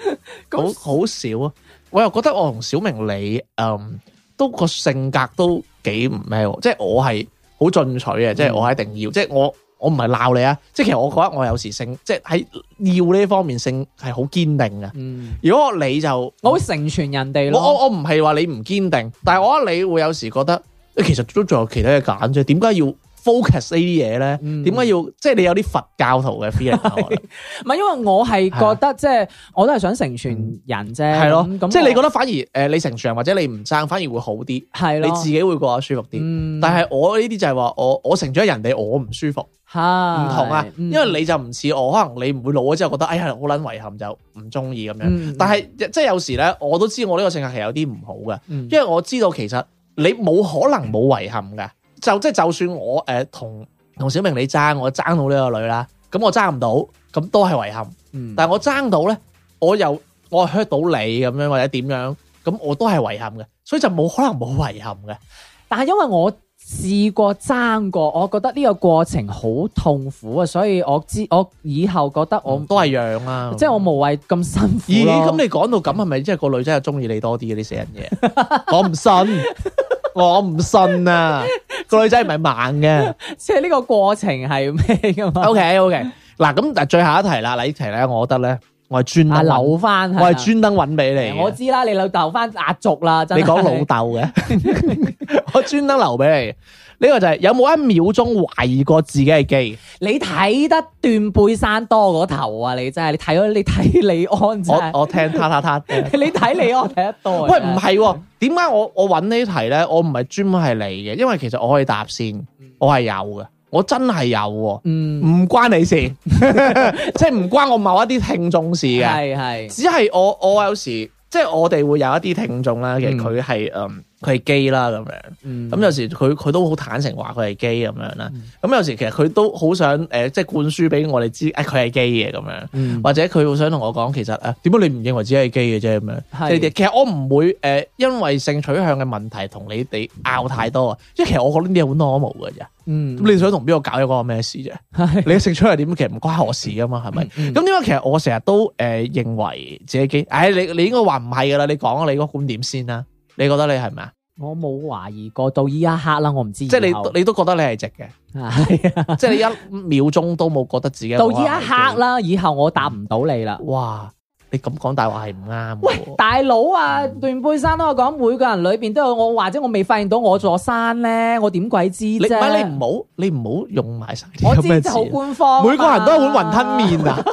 好好少啊。我又、哎、覺得我同小明你嗯。Um, 都個性格都幾唔咩喎，即係我係好進取嘅，嗯，即係我係一定要，即係我我唔係鬧你啊,即係其實我覺得我有時性，即係喺要呢方面性係好堅定嘅。嗯，如果你就我會成全人哋咯，我我唔係話你唔堅定，但係我覺得你會有時覺得，其實都仲有其他嘅揀啫，點解要？focus 呢啲嘢咧，點解要即係你有啲佛教徒嘅 feel？唔係，因為我係覺得即係我都係想成全人啫。係咯，即係你覺得反而誒你成全或者你唔爭反而會好啲，係你自己會過得舒服啲。但係我呢啲就係話我我成咗人哋，我唔舒服，唔同啊。因為你就唔似我，可能你唔會老咗之後覺得哎呀好撚遺憾，就唔中意咁樣。但係即係有時咧，我都知我呢個性格係有啲唔好嘅，因為我知道其實你冇可能冇遺憾嘅。就即係就算我誒同同小明你爭，我爭到呢個女啦，咁我爭唔到，咁都係遺憾。嗯，但係我爭到咧，我又我係 hurt 到你咁樣或者點樣，咁我都係遺憾嘅，所以就冇可能冇遺憾嘅。但係因為我試過爭過，我覺得呢個過程好痛苦啊，所以我知我以後覺得我都係讓啊，即係我無謂咁辛苦咯。咦，咁你講到咁係咪即係個女仔又中意你多啲啊？呢四樣嘢，我唔信。我唔信啊，個女仔唔係猛嘅？即係呢個過程係咩噶嘛？O K O K，嗱咁，嗱最後一題啦，呢題咧我覺得咧。我係專留翻番，我係專登揾俾你，嗯。我知啦，你，壓你老豆翻壓軸啦，真係。 你講老豆嘅，我專登留俾你。呢個就係有冇一秒鐘懷疑過自己係基？你睇得斷背山多過頭啊！你真係，你睇你睇李安啫。我聽他他他，他，他， 你睇你，啊，我睇得多。喂，唔係，點解我我揾呢題咧？我唔係專門係你嘅，因為其實我可以先答先，我係有嘅。我真係有，嗯，唔關你事，即係唔關我某一啲聽眾事嘅，係係，只係我我有時，即係我哋會有一啲聽眾啦。其實佢係嗯。佢係基啦咁樣，咁有時佢佢都好坦誠話佢係基 a y 咁樣啦。咁有時其實佢都好想誒、呃，即係灌輸俾我哋知，誒佢係基嘅咁樣。Art, 嗯、或者佢好想同我講，其實啊，點、哎、解你唔認為自己係基嘅啫？咁樣是、就是，其實我唔會誒、呃，因為性取向嘅問題同你哋拗太多啊。因為其實我覺得呢啲好 normal 嘅嘢。嗯，你想同邊個搞咗嗰個咩事啫？嗯、 你嘅性取向點，其實唔關我事噶嘛，係咪？ 咁點解其實我成日都誒認為自己 g a 誒、哎呃，你應該你應該話唔係噶啦，你講啊，你個觀點先啦。你覺得你係咪啊？我冇懷疑過，到依一刻啦，我唔知。即係你，你都覺得你係直嘅。係啊。即係你一秒鐘都冇覺得自己。到依一刻啦，以後我答唔到你啦。哇！你咁講大話係唔啱。喂，大佬啊，斷背山都我講，每個人裏邊都有我，或者我未發現到我座山咧，我點鬼知啫？你唔好，你唔好用埋晒啲。我知好官方，每個人都一碗雲吞麵啊，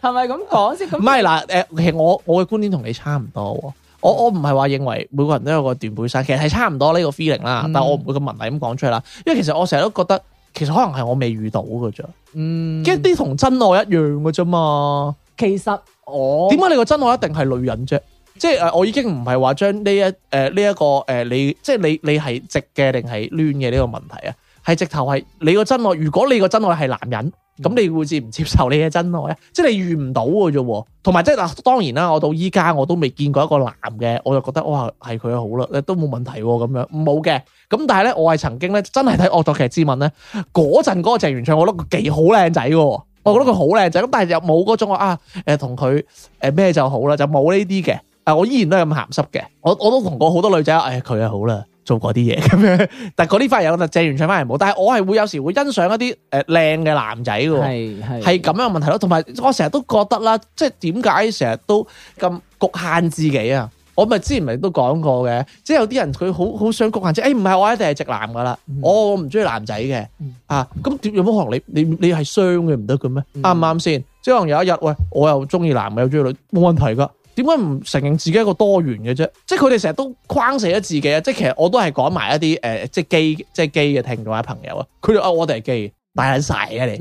係咪咁講先？唔係嗱，誒，其實我我嘅觀點同你差唔多。我我唔係話認為每個人都有個斷背山，其實係差唔多呢個 feeling 啦。但係我唔會個問題咁講出嚟啦，因為其實我成日都覺得其實可能係我未遇到噶啫，嗯、跟啲同真愛一樣噶啫嘛。其實我點解你個真愛一定係女人啫？即係誒，我已經唔係話將呢一誒呢一個誒、呃、你即係、就是、你你係直嘅定係攣嘅呢個問題啊？係直頭係你個真愛，如果你個真愛係男人。咁、嗯、你會接唔接受你嘅真愛，即係你遇唔到嘅啫。同埋即係嗱，當然啦，我到依家我都未見過一個男嘅，我就覺得哇，係佢好啦，都冇問題咁、啊、樣。冇嘅，咁但係咧，我係曾經咧，真係睇惡作劇之吻咧，嗰陣嗰個鄭元暢，我覺得佢幾好靚仔嘅，我覺得佢好靚仔。咁但係又冇嗰種啊，誒，同佢誒咩就好啦，就冇呢啲嘅。但、啊、我依然都係咁鹹濕嘅，我我都同過好多女仔，誒、哎，佢係好啦。做嗰啲嘢咁樣， 但係嗰啲花友，我借完唱翻嚟冇。但係我係會有時會欣賞一啲誒靚嘅男仔嘅，係咁樣嘅問題咯。同埋我成日都覺得啦，即係點解成日都咁局限自己啊？我咪之前咪都講過嘅，即係有啲人佢好好想局限自己，誒唔係我一定係直男噶啦，嗯、我唔中意男仔嘅、嗯、啊。咁點樣可能你？你你係傷嘅唔得嘅咩？啱唔啱先？即係可能有一日，喂，我又中意男嘅，又中意女，冇問題噶。點解唔承認自己一個多元嘅啫？即係佢哋成日都框死咗自己啊！即係其實我都係講埋一啲誒、呃，即係基、哦， 即係基嘅聽眾啊，朋友啊，佢哋話我哋係基，大晒啊你！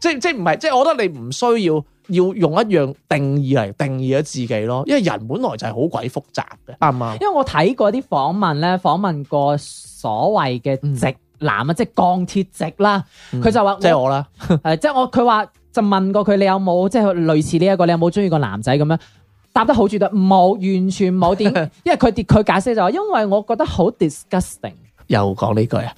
即係即係唔係？即係我覺得你唔需要要用一樣定義嚟定義咗自己咯，因為人本來就係好鬼複雜嘅，啱唔啱？因為我睇過啲訪問咧，訪問過所謂嘅直男啊，嗯、即係鋼鐵直啦，佢就話即係我啦，誒，即係我，佢話。就問過佢你有冇即係類似呢、這、一個，你有冇鍾意過男仔咁樣？答得好絕對冇，完全冇啲，因為佢佢 解釋就話，因為我覺得好 disgusting。又講呢句 啊？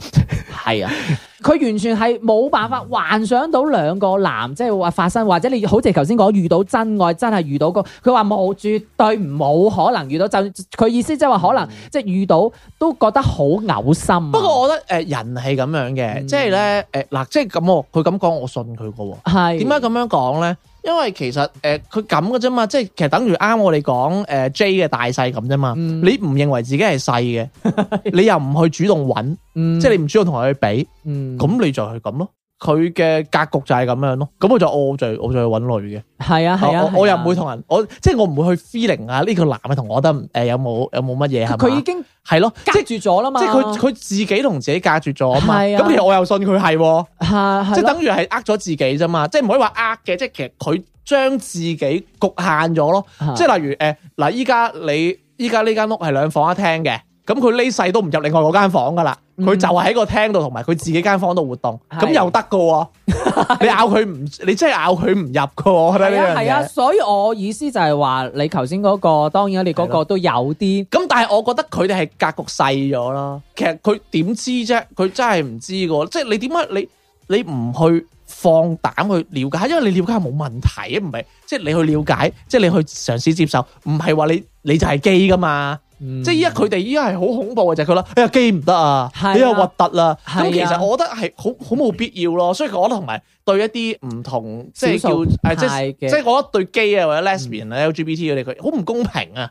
係啊，佢完全係冇辦法幻想到兩個男，即係話發生，或者你好似頭先講遇到真愛，真係遇到個，佢話冇絕對冇可能遇到。就佢意思即係話可能，嗯、即係遇到都覺得好嘔心、啊。不過我覺得誒、呃，人係咁樣嘅、嗯呃，即係咧誒，嗱，即係咁我佢咁講，我信佢噶喎。係點解咁樣講咧？因為其實誒，佢咁嘅啫嘛，即係其實等於啱我哋講誒 J 嘅大細咁啫嘛。嗯、你唔認為自己係細嘅， 你又唔去主動揾，嗯、即係你唔主動同佢去比，咁、嗯、你就去咁咯。佢嘅格局就係咁樣咯，咁我就我再我再搵女嘅，係啊係啊，啊啊我又唔會同人，我即係、就是、我唔會去 feeling 啊呢個男嘅同我覺得誒、呃、有冇有冇乜嘢係，佢已經係咯，隔住咗啦嘛，啊、即係佢佢自己同自己隔住咗啊嘛，咁、啊、其實我又信佢係、啊，係、啊啊、即係等於係呃咗自己啫嘛，即係唔可以話呃嘅，即係其實佢將自己局限咗咯，啊、即係例如誒嗱，依、呃、家你依家呢間屋係兩房一廳嘅，咁佢呢世都唔入另外嗰間房噶啦。佢、嗯、就係喺個廳度，同埋佢自己間房度活動，咁又得噶喎。的 你咬佢唔，你真係咬佢唔入噶喎。我覺得係啊，所以我意思就係話，你頭先嗰個，當然你嗰個的都有啲，咁但係我覺得佢哋係格局細咗咯。其實佢點知啫？佢真係唔知噶，即係你點解你你唔去放膽去了解？因為你了解冇問題啊，唔係即係你去了解，即係你去嘗試接受，唔係話你你就係基噶嘛。即係依家佢哋依家係好恐怖嘅就係佢啦，哎呀 gay 唔得啊，哎呀核突啦，咁其實我覺得係好好冇必要咯，所以講我覺得同埋對一啲唔同即係叫誒即係即係我覺得對 gay 啊或者 lesbian 啊 LGBT 嘅人佢好唔公平啊，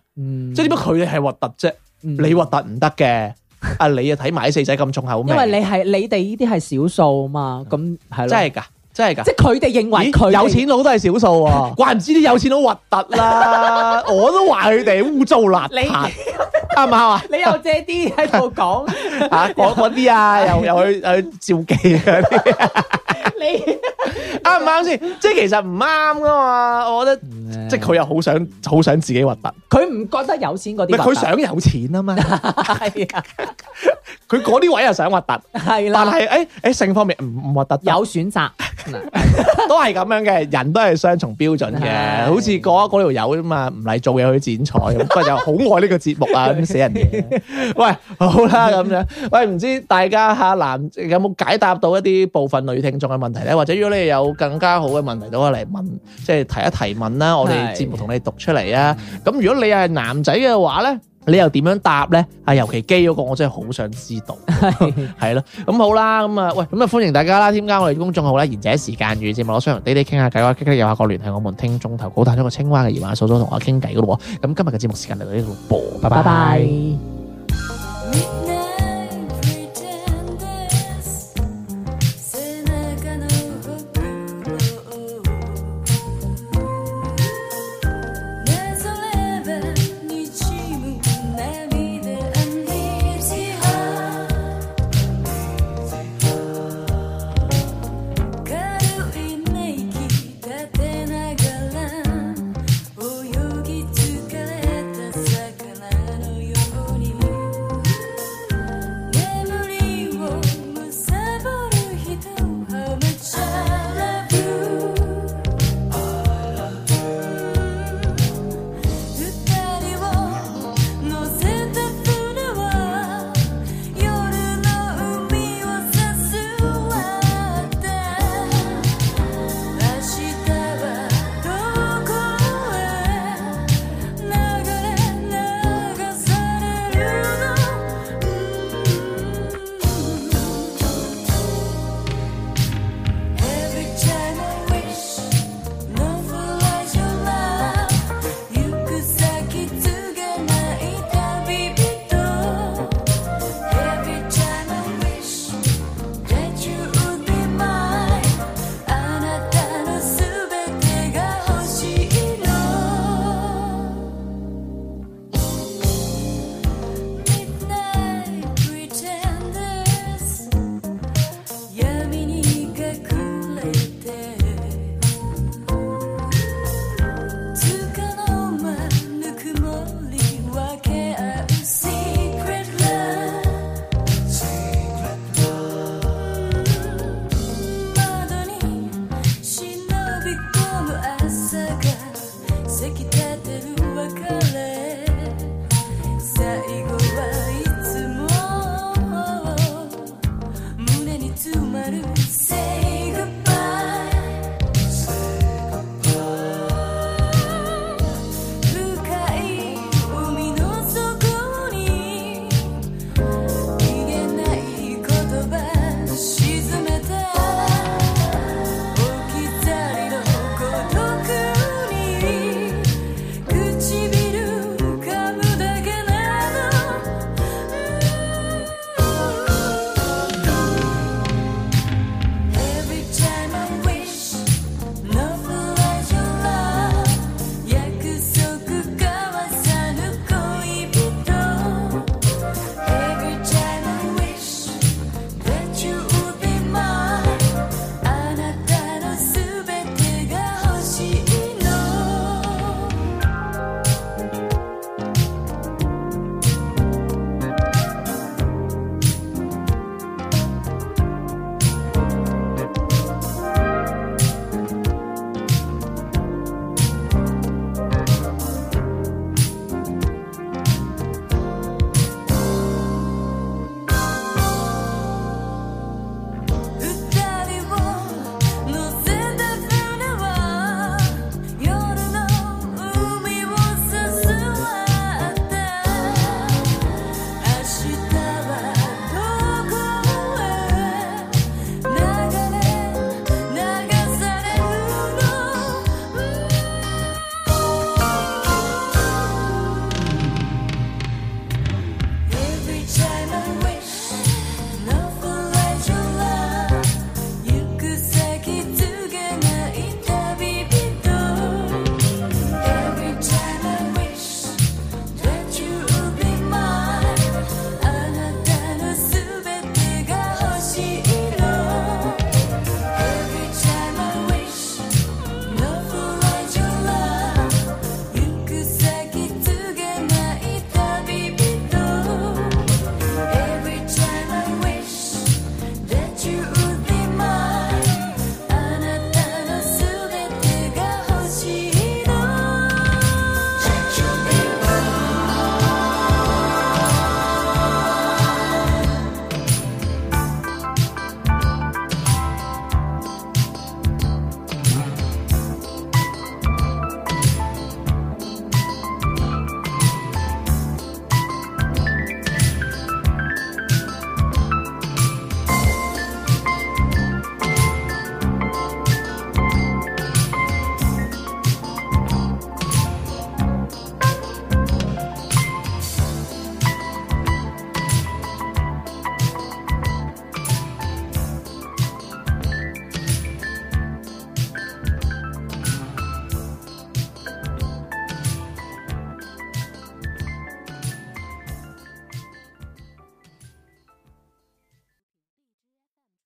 即係，點解佢哋係核突啫？你核突唔得嘅，啊你啊睇埋啲四仔咁重口咩？因為你係你哋呢啲係少數嘛，咁係真係噶。真係噶，即係佢哋認為佢有錢佬都係少數啊，怪唔知啲有錢佬核突啦， 我都話佢哋污糟邋遢，你啱唔啱啊， 你又借啲喺度講吓，講嗰啲啊，滾滾啊 又又去誒照記啊， 你。 啱唔啱先？即係其實唔啱噶嘛，我覺得即，即係佢又好想好想自己核突，佢唔 覺得有錢嗰啲，佢想有錢啊嘛，係啊，佢嗰啲位又想核突，係啦 是的，但係誒誒，性方面唔唔核突，有選擇， 都係咁樣嘅，人都係雙重標準嘅，的好似嗰嗰條友啫嘛，唔嚟做嘢去剪彩，不過又好愛呢個節目啊，咁死人嘢， 喂，好啦咁樣，喂，唔知大家猛男有冇解答到一啲部分女聽眾嘅問題咧？或者如果你有。更加好嘅問題都可以嚟問，即、就、係、是、提一提問啦。我哋節目同你讀出嚟啊。咁的、嗯、如果你係男仔嘅話咧，你又點樣答咧？啊，尤其機嗰個，我真係好想知道。係咯， 咁好啦，咁啊，喂，咁啊，歡迎大家啦，添加我哋公眾號啦。賢者時間與節目，我想同滴滴傾下偈，或者有下個聯繫，我們聽眾投稿，達咗個青蛙嘅言話，蘇蘇同我傾偈噶咯喎。咁今日嘅節目時間嚟到呢度播，拜拜。拜拜。